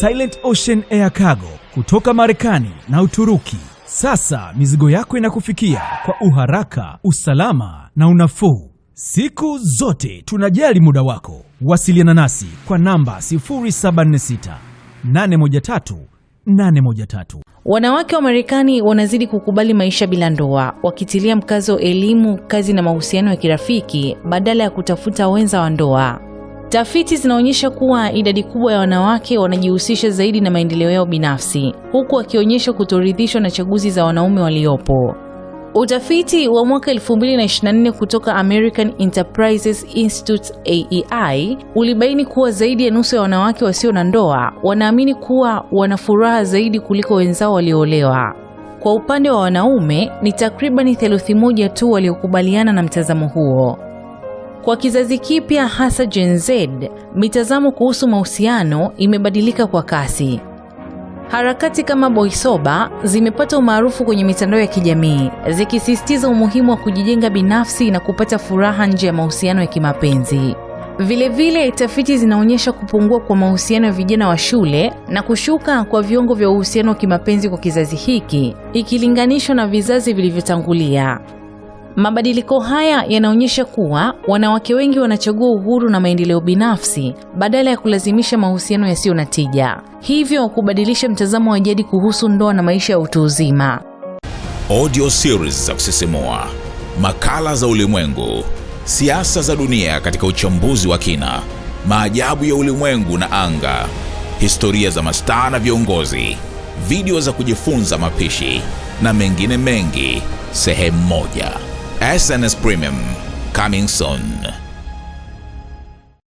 Silent Ocean Air Cargo kutoka Marekani na Uturuki. Sasa mizigo yako inakufikia kwa uharaka, usalama na unafuu. Siku zote tunajali muda wako. Wasiliana nasi kwa namba 076 813 813. Wanawake wa Marekani wanazidi kukubali maisha bila ndoa, wakitilia mkazo elimu, kazi na mahusiano ya kirafiki badala ya kutafuta wenza wa ndoa. Tafiti zinaonyesha kuwa idadi kubwa ya wanawake wanajihusisha zaidi na maendeleo yao binafsi, huku wakionyesha kutoridhishwa na chaguzi za wanaume waliopo. Utafiti wa mwaka 2024 kutoka American Enterprises Institute AEI ulibaini kuwa zaidi ya nusu ya wanawake wasio na ndoa wanaamini kuwa wana furaha zaidi kuliko wenzao walioolewa. Kwa upande wa wanaume ni takribani theluthi moja tu waliokubaliana na mtazamo huo. Kwa kizazi kipya, hasa Gen Z, mitazamo kuhusu mahusiano imebadilika kwa kasi. Harakati kama Boisoba zimepata umaarufu kwenye mitandao ya kijamii zikisisitiza umuhimu wa kujijenga binafsi na kupata furaha nje ya mahusiano ya kimapenzi. Vilevile, tafiti zinaonyesha kupungua kwa mahusiano ya vijana wa shule na kushuka kwa viwango vya uhusiano wa kimapenzi kwa kizazi hiki ikilinganishwa na vizazi vilivyotangulia. Mabadiliko haya yanaonyesha kuwa wanawake wengi wanachagua uhuru na maendeleo binafsi badala ya kulazimisha mahusiano yasiyo na tija, hivyo kubadilisha mtazamo wa jadi kuhusu ndoa na maisha ya utu uzima. Audio series za kusisimua, makala za ulimwengu, siasa za dunia katika uchambuzi wa kina, maajabu ya ulimwengu na anga, historia za mastaa na viongozi, video za kujifunza mapishi na mengine mengi, sehemu moja. SNS Premium. Coming soon.